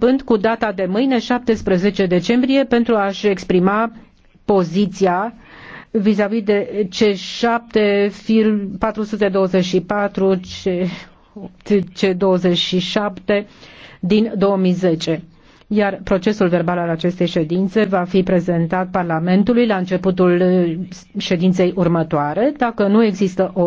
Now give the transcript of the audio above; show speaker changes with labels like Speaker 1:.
Speaker 1: începând cu data de mâine, 17 decembrie, pentru a-și exprima poziția vis-a-vis -vis de C7, fir 424, C27 din 2010 iar procesul verbal al acestei ședințe va fi prezentat Parlamentului la începutul eh, ședinței următoare. Dacă nu există o